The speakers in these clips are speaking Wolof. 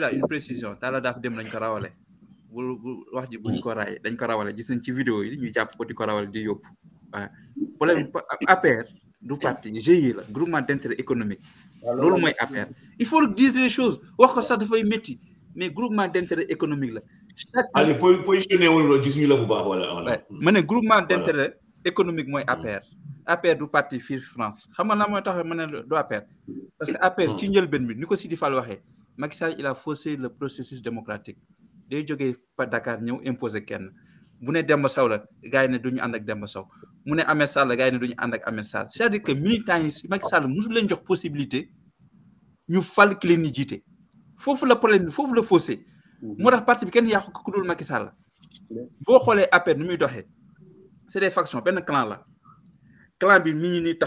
la une précision Talla Daff dem lañ ko rawale bu wax ji buñ ko mm. raay dañ ko rawale gis nañ ci vidéo yi ñu japp ko di ko rawale di yop problème APR du parti GIE la groupement d'intérêt économique loolu moy APR il faut dire les choses wax ko sax fay metti mais groupement d'intérêt économique la allez positionné woon gis ñu la bu baax wala ma groupement d'intérêt économique moy APR APR du parti fii France xam nga naa mooy tax ma APR parce que APR ci hmm. njëlbeen bi ni ko Sidi Fall waxé Macky Sall il a faussé le processus démocratique day jógee par Dakar ñëw imposer kenn bu ne Demba Sow la gars yi ne duñu ànd ak Demba vous mu ne Ahmed Sall gars ne duñu ànd ak Ahmed Sall c'est-à-dire que militants Macky Sall musul leen jox possibilité ñu fal que leen di faut le problème faut le fausser moi la partie mhm. parti bi kenn yàqu ko ku dul Macky Sall vous voulez appeler nous muy doxee c'est des factions un clan la clan bi mi ni nii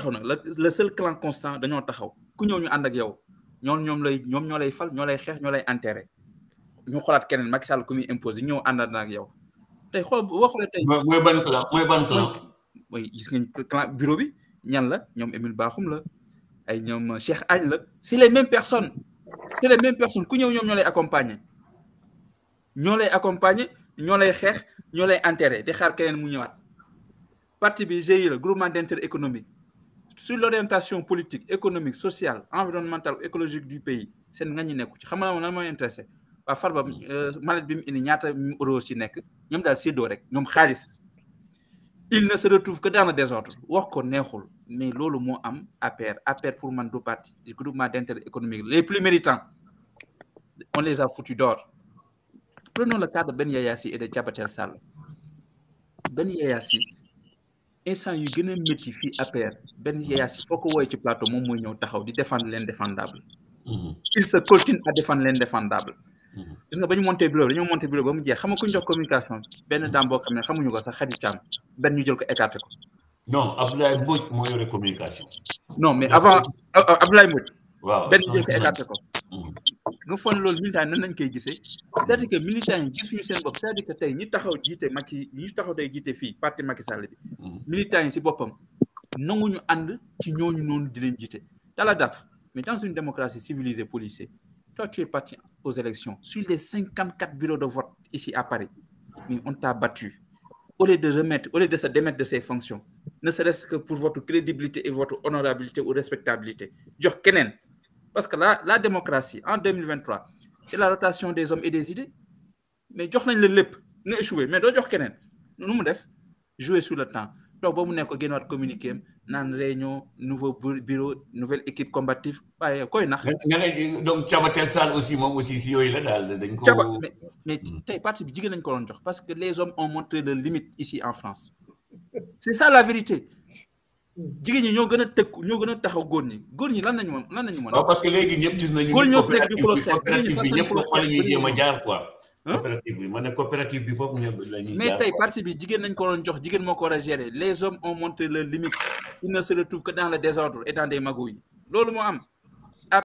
le seul clan constant dañoo taxaw ku ñëw ñu ànd ak yow ñom ñom lay ñom ñolay fal ñolay xex ñolay ñoo enterré ñu xolat keneen Macky Sall ku muy imposé ñëw àndaat na ak yow tay xol boo tay moy mooy ban clan moy ban clan. mooy gis nga clan bureau bi ñan la ñom Emile Bakhoum la ay ñom euh, Cheikh Agne la c'est les mêmes personnes c'est les mêmes personnes ku ñew ñom ñolay accompagner ñolay accompagner ñolay xex ñolay ñoo enterré di xaar keneen mu ñewat parti bi GIE la groupement d'intérêt économique sur l'orientation politique, économique, sociale, environnementale, écologique du pays, c'est nga ñi nekku ci xam nga lan mooy intéressé waa Farba mm. euh, malade bi mu indi ñaata euro ci nekk ñoom daal séddoo rek il ne se retrouve que dans le désordre wax ko neexul mais loolu à am À APR pour mon parti. Le groupement d'intérêt économique les plus méritants on les a foutus d'or. prenons le cas de Ben Yaya et de Diabatel Sall Ben Yaya instant yu gën a fi APR ben yeeyaas foo ko woowee ci plateau moom mooy ñëw taxaw di défendre l'indéfendable mhm. il se continue à défendre l'indéfendable mhm. gis nga ba ñu monté bureau dañoo monté bureau ba mu jeex xam nga ku ñu jox communication benn dame boo xam ne xamuñu ko sax xadi caam benn ñu jël ko écarté ko non Abdoulaye Mbodj moo yore communication non mais avant euh, euh, Abdoulaye Mbodj benn ñu jël ko écarté ko nga fon dire militant nan lañ koy cest à que militant ils gis ñu seen bopp cest que tay ñi taxaw jiite maki ñi taxaw tay jiite fi parti Macky Sall bi hmm. militant ci bopam boppam ñu and ci ñooñu noonu di leen jiite dala daf mais dans une démocratie civilisée policée toi tu es parti aux élections sur les 54 bureaux de vote ici à Paris mais on t'a battu au lieu de remettre au lieu de se démettre de ses fonctions ne serait-ce que pour votre crédibilité et votre honorabilité ou respectabilité jox Kenen, parce que la, démocratie, en 2023, c'est la rotation des hommes et des idées. Mais le échoué mais jox nous sur le temps communiqué réunion nouveau bureau nouvelle équipe combative aussi aussi mais tu parce que les hommes ont montré leurs limites ici en France c'est ça la vérité. jigéen ñi ñoo gën a tëkku ñoo gën a taxaw góor ñi góor ñi lan nañu mën lan nañu mën parce que léegi ñëpp gis nañu góor ñoo nekk di xuloo coopérative bi ñëpp fa la ñuy jéem a jaar foofu la ñuy mais tey parti bi jigéen nañ ko doon jox jigéen moo ko war a gérer les hommes ont montré leur limite ils ne se retrouvent que dans le désordre des magouilles loolu moo am